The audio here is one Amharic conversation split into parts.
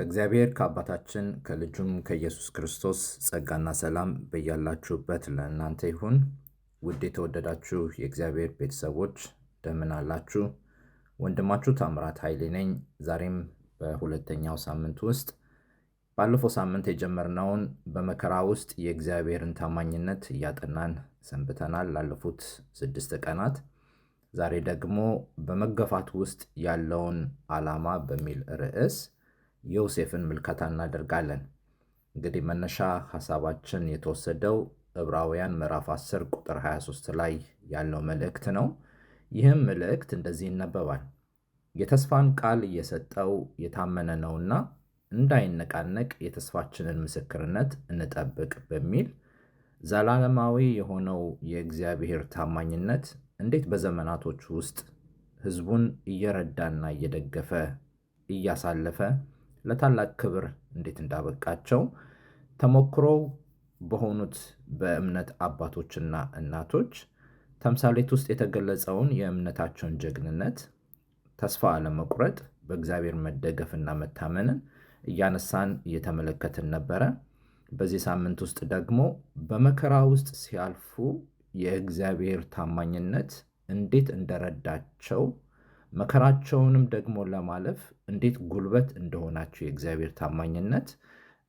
ከእግዚአብሔር ከአባታችን ከልጁም ከኢየሱስ ክርስቶስ ጸጋና ሰላም በያላችሁበት ለእናንተ ይሁን። ውድ የተወደዳችሁ የእግዚአብሔር ቤተሰቦች እንደምን አላችሁ? ወንድማችሁ ታምራት ኃይሌ ነኝ። ዛሬም በሁለተኛው ሳምንት ውስጥ ባለፈው ሳምንት የጀመርነውን በመከራ ውስጥ የእግዚአብሔርን ታማኝነት እያጠናን ሰንብተናል ላለፉት ስድስት ቀናት። ዛሬ ደግሞ በመገፋት ውስጥ ያለውን ዓላማ በሚል ርዕስ ዮሴፍን ምልከታ እናደርጋለን። እንግዲህ መነሻ ሀሳባችን የተወሰደው ዕብራውያን ምዕራፍ 10 ቁጥር 23 ላይ ያለው መልእክት ነው። ይህም መልእክት እንደዚህ ይነበባል። የተስፋን ቃል እየሰጠው የታመነ ነውና እንዳይነቃነቅ የተስፋችንን ምስክርነት እንጠብቅ በሚል ዘላለማዊ የሆነው የእግዚአብሔር ታማኝነት እንዴት በዘመናቶች ውስጥ ሕዝቡን እየረዳና እየደገፈ እያሳለፈ ለታላቅ ክብር እንዴት እንዳበቃቸው ተሞክሮ በሆኑት በእምነት አባቶችና እናቶች ተምሳሌት ውስጥ የተገለጸውን የእምነታቸውን ጀግንነት፣ ተስፋ አለመቁረጥ፣ በእግዚአብሔር መደገፍና መታመንን እያነሳን እየተመለከትን ነበረ። በዚህ ሳምንት ውስጥ ደግሞ በመከራ ውስጥ ሲያልፉ የእግዚአብሔር ታማኝነት እንዴት እንደረዳቸው መከራቸውንም ደግሞ ለማለፍ እንዴት ጉልበት እንደሆናቸው የእግዚአብሔር ታማኝነት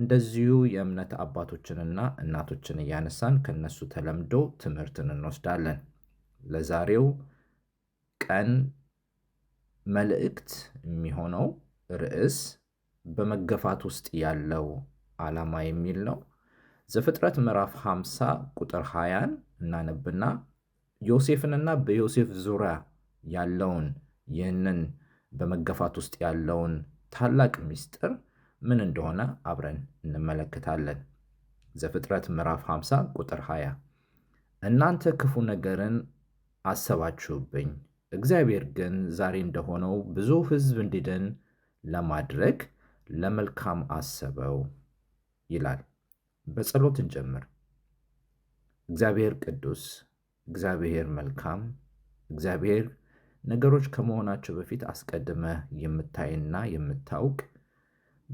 እንደዚሁ የእምነት አባቶችንና እናቶችን እያነሳን ከነሱ ተለምዶ ትምህርትን እንወስዳለን። ለዛሬው ቀን መልእክት የሚሆነው ርዕስ በመገፋት ውስጥ ያለው ዓላማ የሚል ነው። ዘፍጥረት ምዕራፍ 50 ቁጥር 20ን እናነብና ዮሴፍንና በዮሴፍ ዙሪያ ያለውን ይህንን በመገፋት ውስጥ ያለውን ታላቅ ምስጢር ምን እንደሆነ አብረን እንመለከታለን። ዘፍጥረት ምዕራፍ 50 ቁጥር 20 እናንተ ክፉ ነገርን አሰባችሁብኝ፣ እግዚአብሔር ግን ዛሬ እንደሆነው ብዙ ሕዝብ እንዲድን ለማድረግ ለመልካም አሰበው ይላል። በጸሎት እንጀምር። እግዚአብሔር ቅዱስ፣ እግዚአብሔር መልካም፣ እግዚአብሔር ነገሮች ከመሆናቸው በፊት አስቀድመ የምታይና የምታውቅ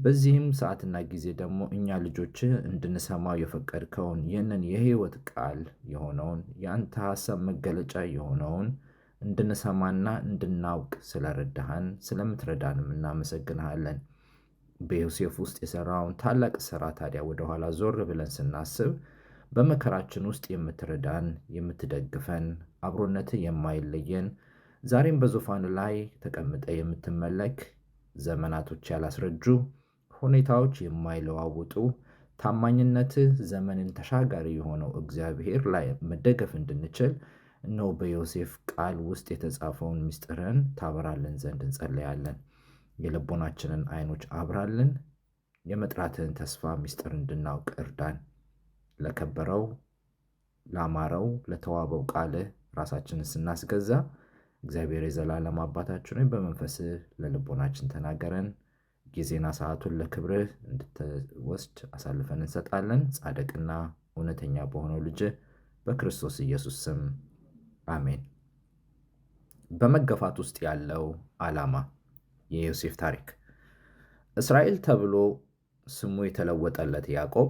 በዚህም ሰዓትና ጊዜ ደግሞ እኛ ልጆች እንድንሰማው የፈቀድከውን ይህንን የህይወት ቃል የሆነውን የአንተ ሀሳብ መገለጫ የሆነውን እንድንሰማና እንድናውቅ ስለረዳሃን ስለምትረዳንም እናመሰግንሃለን። በዮሴፍ ውስጥ የሰራውን ታላቅ ስራ ታዲያ ወደኋላ ዞር ብለን ስናስብ በመከራችን ውስጥ የምትረዳን፣ የምትደግፈን፣ አብሮነትህ የማይለየን ዛሬም በዙፋን ላይ ተቀምጠ የምትመለክ ዘመናቶች ያላስረጁ ሁኔታዎች የማይለዋውጡ ታማኝነት ዘመንን ተሻጋሪ የሆነው እግዚአብሔር ላይ መደገፍ እንድንችል ነው በዮሴፍ ቃል ውስጥ የተጻፈውን ምስጢርን ታበራልን ዘንድ እንጸለያለን። የልቦናችንን አይኖች አብራልን። የመጥራትህን ተስፋ ምስጢር እንድናውቅ እርዳን። ለከበረው፣ ላማረው፣ ለተዋበው ቃልህ ራሳችንን ስናስገዛ እግዚአብሔር የዘላለም አባታችን ሆይ በመንፈስህ ለልቦናችን ተናገረን። ጊዜና ሰዓቱን ለክብርህ እንድትወስድ አሳልፈን እንሰጣለን። ጻደቅና እውነተኛ በሆነው ልጅ በክርስቶስ ኢየሱስ ስም አሜን። በመገፋት ውስጥ ያለው ዓላማ የዮሴፍ ታሪክ። እስራኤል ተብሎ ስሙ የተለወጠለት ያዕቆብ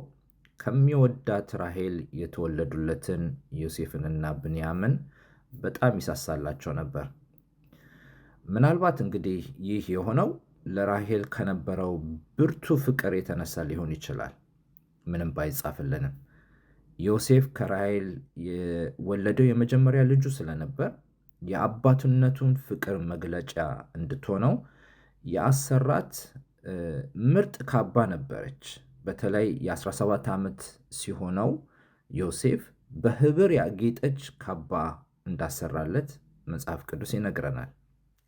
ከሚወዳት ራሄል የተወለዱለትን ዮሴፍንና ብንያምን በጣም ይሳሳላቸው ነበር። ምናልባት እንግዲህ ይህ የሆነው ለራሄል ከነበረው ብርቱ ፍቅር የተነሳ ሊሆን ይችላል። ምንም ባይጻፍልንም ዮሴፍ ከራሄል የወለደው የመጀመሪያ ልጁ ስለነበር የአባትነቱን ፍቅር መግለጫ እንድትሆነው የአሰራት ምርጥ ካባ ነበረች። በተለይ የ17 ዓመት ሲሆነው ዮሴፍ በህብር ያጌጠች ካባ እንዳሰራለት መጽሐፍ ቅዱስ ይነግረናል።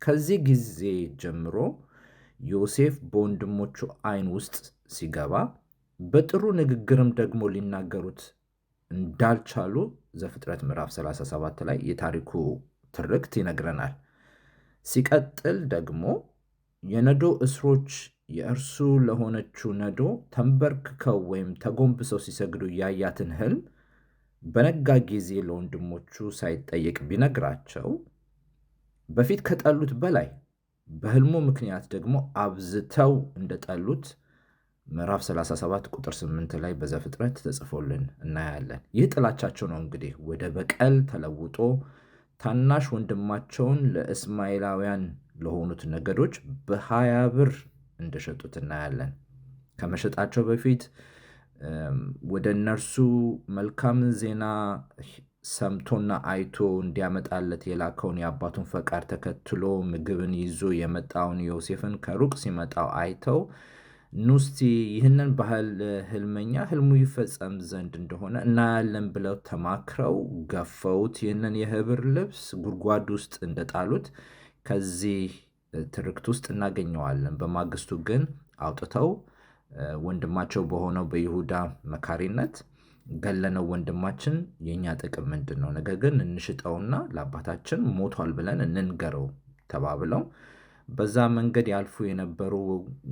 ከዚህ ጊዜ ጀምሮ ዮሴፍ በወንድሞቹ ዓይን ውስጥ ሲገባ በጥሩ ንግግርም ደግሞ ሊናገሩት እንዳልቻሉ ዘፍጥረት ምዕራፍ 37 ላይ የታሪኩ ትርክት ይነግረናል። ሲቀጥል ደግሞ የነዶ እስሮች የእርሱ ለሆነችው ነዶ ተንበርክከው ወይም ተጎንብሰው ሲሰግዱ ያያትን ህልም በነጋ ጊዜ ለወንድሞቹ ሳይጠየቅ ቢነግራቸው በፊት ከጠሉት በላይ በህልሙ ምክንያት ደግሞ አብዝተው እንደጠሉት ምዕራፍ 37 ቁጥር 8 ላይ በዘፍጥረት ተጽፎልን እናያለን። ይህ ጥላቻቸው ነው እንግዲህ ወደ በቀል ተለውጦ ታናሽ ወንድማቸውን ለእስማኤላውያን ለሆኑት ነገዶች በሀያ ብር እንደሸጡት እናያለን። ከመሸጣቸው በፊት ወደ እነርሱ መልካም ዜና ሰምቶና አይቶ እንዲያመጣለት የላከውን የአባቱን ፈቃድ ተከትሎ ምግብን ይዞ የመጣውን ዮሴፍን ከሩቅ ሲመጣው አይተው ኑ ይህንን ባህል ህልመኛ ህልሙ ይፈጸም ዘንድ እንደሆነ እናያለን ብለው ተማክረው ገፈውት ይህንን የህብር ልብስ ጉድጓድ ውስጥ እንደጣሉት ከዚህ ትርክት ውስጥ እናገኘዋለን። በማግስቱ ግን አውጥተው ወንድማቸው በሆነው በይሁዳ መካሪነት ገለነው ወንድማችን የእኛ ጥቅም ምንድን ነው? ነገር ግን እንሽጠውና ለአባታችን ሞቷል ብለን እንንገረው ተባብለው በዛ መንገድ ያልፉ የነበሩ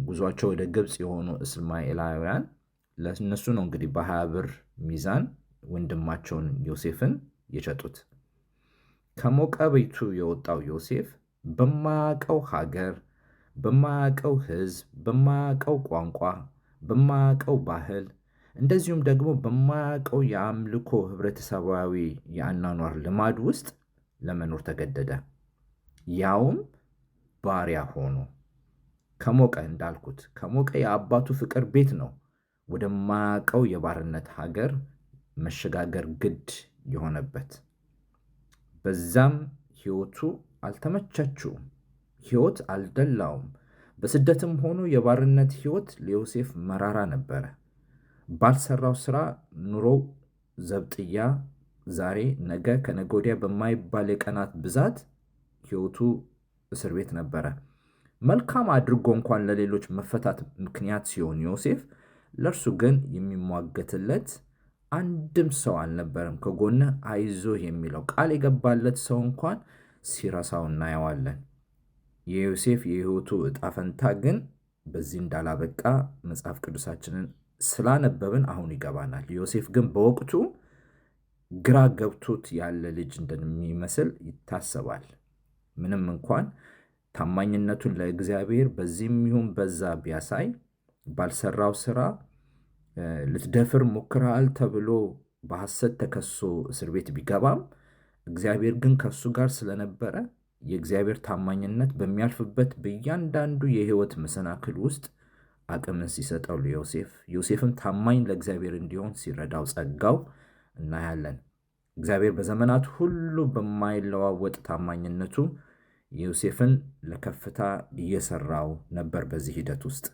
ጉዟቸው ወደ ግብፅ የሆኑ እስማኤላውያን ለእነሱ ነው እንግዲህ በሀያ ብር ሚዛን ወንድማቸውን ዮሴፍን የሸጡት። ከሞቀ ቤቱ የወጣው ዮሴፍ በማያውቀው ሀገር በማያውቀው ህዝብ፣ በማያውቀው ቋንቋ፣ በማያውቀው ባህል እንደዚሁም ደግሞ በማያውቀው የአምልኮ ህብረተሰባዊ የአኗኗር ልማድ ውስጥ ለመኖር ተገደደ። ያውም ባሪያ ሆኖ ከሞቀ እንዳልኩት ከሞቀ የአባቱ ፍቅር ቤት ነው ወደማያውቀው የባርነት ሀገር መሸጋገር ግድ የሆነበት። በዛም ህይወቱ አልተመቻችውም። ሕይወት አልደላውም። በስደትም ሆኖ የባርነት ሕይወት ለዮሴፍ መራራ ነበረ። ባልሰራው ሥራ ኑሮው ዘብጥያ፣ ዛሬ ነገ ከነጎዲያ በማይባል የቀናት ብዛት ሕይወቱ እስር ቤት ነበረ። መልካም አድርጎ እንኳን ለሌሎች መፈታት ምክንያት ሲሆን ዮሴፍ ለእርሱ ግን የሚሟገትለት አንድም ሰው አልነበረም። ከጎነ አይዞህ የሚለው ቃል የገባለት ሰው እንኳን ሲረሳው እናየዋለን። የዮሴፍ የህይወቱ ዕጣ ፈንታ ግን በዚህ እንዳላበቃ መጽሐፍ ቅዱሳችንን ስላነበብን አሁን ይገባናል። ዮሴፍ ግን በወቅቱ ግራ ገብቶት ያለ ልጅ እንደሚመስል ይታሰባል። ምንም እንኳን ታማኝነቱን ለእግዚአብሔር በዚህም ይሁን በዛ ቢያሳይ ባልሰራው ስራ ልትደፍር ሞክረሃል ተብሎ በሐሰት ተከሶ እስር ቤት ቢገባም እግዚአብሔር ግን ከእሱ ጋር ስለነበረ የእግዚአብሔር ታማኝነት በሚያልፍበት በእያንዳንዱ የህይወት መሰናክል ውስጥ አቅምን ሲሰጠው ለዮሴፍ ዮሴፍም ታማኝ ለእግዚአብሔር እንዲሆን ሲረዳው ጸጋው እናያለን። እግዚአብሔር በዘመናት ሁሉ በማይለዋወጥ ታማኝነቱ ዮሴፍን ለከፍታ እየሰራው ነበር። በዚህ ሂደት ውስጥ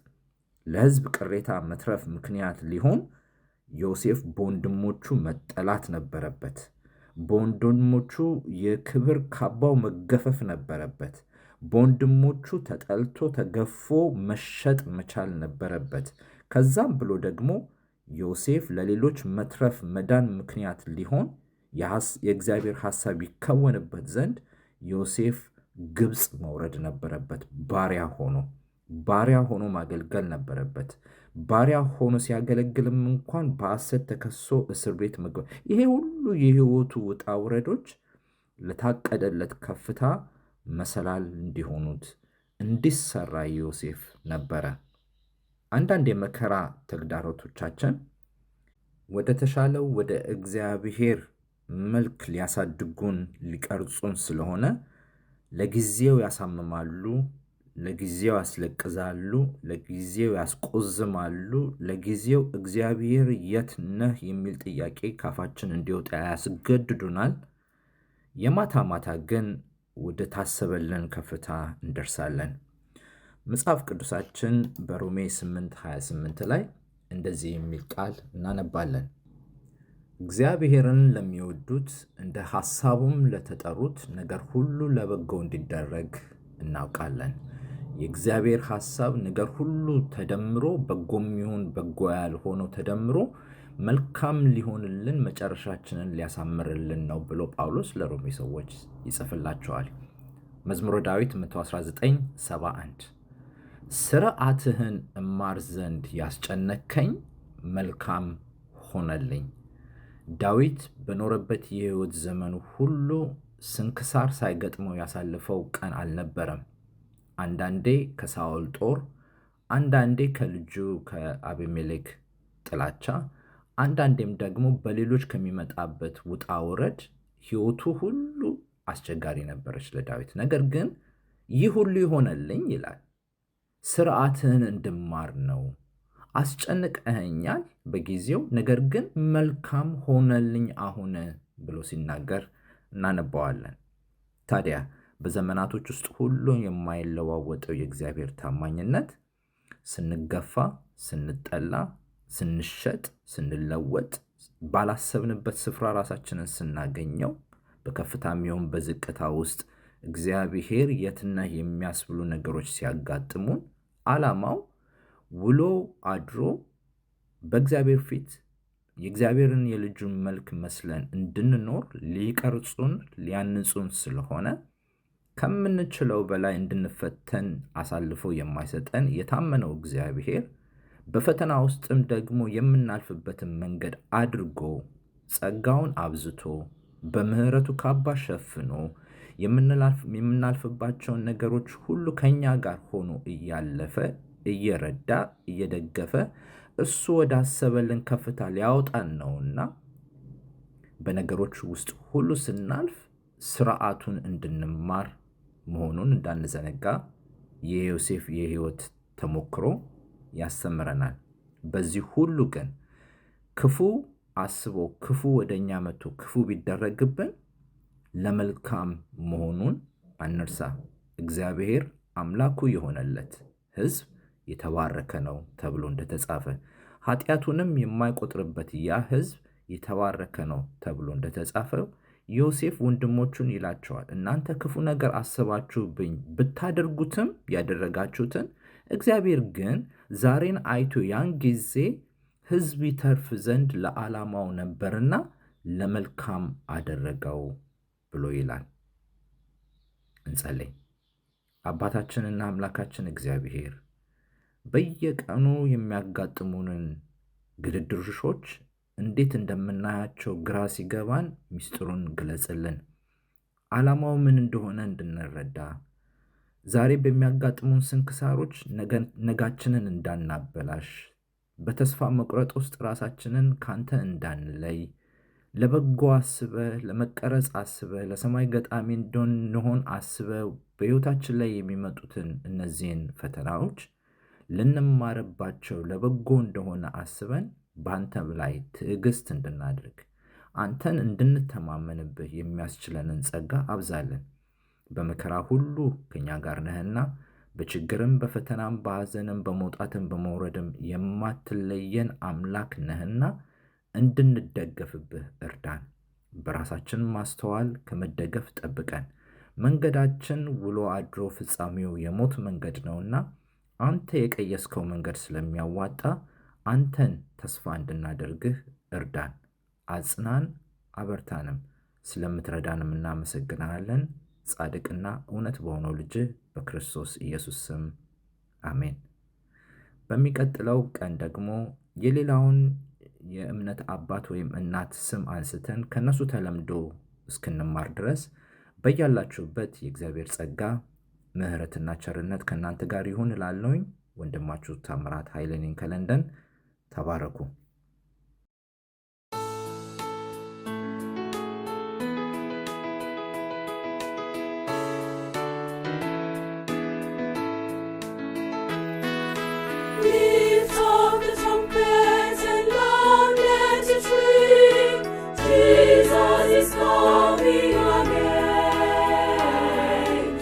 ለህዝብ ቅሬታ መትረፍ ምክንያት ሊሆን ዮሴፍ በወንድሞቹ መጠላት ነበረበት። በወንድሞቹ የክብር ካባው መገፈፍ ነበረበት። በወንድሞቹ ተጠልቶ ተገፎ መሸጥ መቻል ነበረበት። ከዛም ብሎ ደግሞ ዮሴፍ ለሌሎች መትረፍ መዳን ምክንያት ሊሆን የእግዚአብሔር ሐሳብ ይከወንበት ዘንድ ዮሴፍ ግብፅ መውረድ ነበረበት ባሪያ ሆኖ ባሪያ ሆኖ ማገልገል ነበረበት። ባሪያ ሆኖ ሲያገለግልም እንኳን በሐሰት ተከሶ እስር ቤት መግባት፣ ይሄ ሁሉ የህይወቱ ውጣ ውረዶች ለታቀደለት ከፍታ መሰላል እንዲሆኑት እንዲሰራ ዮሴፍ ነበረ። አንዳንድ የመከራ ተግዳሮቶቻችን ወደ ተሻለው ወደ እግዚአብሔር መልክ ሊያሳድጉን ሊቀርጹን ስለሆነ ለጊዜው ያሳምማሉ። ለጊዜው ያስለቅዛሉ፣ ለጊዜው ያስቆዝማሉ፣ ለጊዜው እግዚአብሔር የት ነህ የሚል ጥያቄ ካፋችን እንዲወጣ ያስገድዱናል። የማታ ማታ ግን ወደ ታሰበልን ከፍታ እንደርሳለን። መጽሐፍ ቅዱሳችን በሮሜ 8:28 ላይ እንደዚህ የሚል ቃል እናነባለን። እግዚአብሔርን ለሚወዱት እንደ ሐሳቡም ለተጠሩት ነገር ሁሉ ለበጎ እንዲደረግ እናውቃለን። የእግዚአብሔር ሐሳብ ነገር ሁሉ ተደምሮ በጎም ይሁን በጎ ያልሆነው ተደምሮ መልካም ሊሆንልን መጨረሻችንን ሊያሳምርልን ነው ብሎ ጳውሎስ ለሮሜ ሰዎች ይጽፍላቸዋል። መዝሙረ ዳዊት 119:71 ስርዓትህን እማር ዘንድ ያስጨነከኝ መልካም ሆነልኝ። ዳዊት በኖረበት የሕይወት ዘመኑ ሁሉ ስንክሳር ሳይገጥመው ያሳለፈው ቀን አልነበረም። አንዳንዴ ከሳውል ጦር፣ አንዳንዴ ከልጁ ከአቢሜሌክ ጥላቻ፣ አንዳንዴም ደግሞ በሌሎች ከሚመጣበት ውጣ ውረድ ህይወቱ ሁሉ አስቸጋሪ ነበረች ለዳዊት። ነገር ግን ይህ ሁሉ ይሆነልኝ ይላል ስርዓትህን እንድማር ነው። አስጨንቀኸኛል በጊዜው ነገር ግን መልካም ሆነልኝ አሁን ብሎ ሲናገር እናነባዋለን። ታዲያ በዘመናቶች ውስጥ ሁሉን የማይለዋወጠው የእግዚአብሔር ታማኝነት ስንገፋ፣ ስንጠላ፣ ስንሸጥ፣ ስንለወጥ፣ ባላሰብንበት ስፍራ ራሳችንን ስናገኘው፣ በከፍታ የሚሆን በዝቅታ ውስጥ እግዚአብሔር የትና የሚያስብሉ ነገሮች ሲያጋጥሙን ዓላማው ውሎ አድሮ በእግዚአብሔር ፊት የእግዚአብሔርን የልጁን መልክ መስለን እንድንኖር ሊቀርጹን ሊያንጹን ስለሆነ ከምንችለው በላይ እንድንፈተን አሳልፎ የማይሰጠን የታመነው እግዚአብሔር በፈተና ውስጥም ደግሞ የምናልፍበትን መንገድ አድርጎ ጸጋውን አብዝቶ በምሕረቱ ካባ ሸፍኖ የምናልፍባቸውን ነገሮች ሁሉ ከእኛ ጋር ሆኖ እያለፈ እየረዳ እየደገፈ እሱ ወዳሰበልን ከፍታ ሊያወጣን ነውና በነገሮች ውስጥ ሁሉ ስናልፍ ስርዓቱን እንድንማር መሆኑን እንዳንዘነጋ የዮሴፍ የህይወት ተሞክሮ ያስተምረናል። በዚህ ሁሉ ግን ክፉ አስቦ ክፉ ወደ እኛ መቶ ክፉ ቢደረግብን ለመልካም መሆኑን አንርሳ። እግዚአብሔር አምላኩ የሆነለት ህዝብ የተባረከ ነው ተብሎ እንደተጻፈ ኃጢአቱንም የማይቆጥርበት ያ ህዝብ የተባረከ ነው ተብሎ እንደተጻፈው ዮሴፍ ወንድሞቹን ይላቸዋል፣ እናንተ ክፉ ነገር አስባችሁብኝ ብታደርጉትም ያደረጋችሁትን እግዚአብሔር ግን ዛሬን አይቶ ያን ጊዜ ሕዝብ ይተርፍ ዘንድ ለዓላማው ነበርና ለመልካም አደረገው ብሎ ይላል። እንጸለይ። አባታችንና አምላካችን እግዚአብሔር በየቀኑ የሚያጋጥሙንን ግድድርሾች እንዴት እንደምናያቸው ግራ ሲገባን ሚስጥሩን ግለጽልን። ዓላማው ምን እንደሆነ እንድንረዳ፣ ዛሬ በሚያጋጥሙን ስንክሳሮች ነጋችንን እንዳናበላሽ፣ በተስፋ መቁረጥ ውስጥ ራሳችንን ካንተ እንዳንለይ፣ ለበጎ አስበ፣ ለመቀረጽ አስበ፣ ለሰማይ ገጣሚ እንደንሆን አስበ፣ በሕይወታችን ላይ የሚመጡትን እነዚህን ፈተናዎች ልንማርባቸው ለበጎ እንደሆነ አስበን በአንተም ላይ ትዕግስት እንድናደርግ አንተን እንድንተማመንብህ የሚያስችለንን ጸጋ አብዛለን። በመከራ ሁሉ ከእኛ ጋር ነህና በችግርም በፈተናም በሐዘንም በመውጣትም በመውረድም የማትለየን አምላክ ነህና እንድንደገፍብህ እርዳን። በራሳችን ማስተዋል ከመደገፍ ጠብቀን። መንገዳችን ውሎ አድሮ ፍጻሜው የሞት መንገድ ነውና አንተ የቀየስከው መንገድ ስለሚያዋጣ አንተን ተስፋ እንድናደርግህ እርዳን፣ አጽናን፣ አበርታንም። ስለምትረዳንም እናመሰግናለን። ጻድቅና እውነት በሆነው ልጅህ በክርስቶስ ኢየሱስ ስም አሜን። በሚቀጥለው ቀን ደግሞ የሌላውን የእምነት አባት ወይም እናት ስም አንስተን ከእነሱ ተለምዶ እስክንማር ድረስ በያላችሁበት የእግዚአብሔር ጸጋ ምሕረትና ቸርነት ከእናንተ ጋር ይሁን እላለሁኝ። ወንድማችሁ ታምራት ኃይሌ ነኝ ከለንደን። ተባረኩ።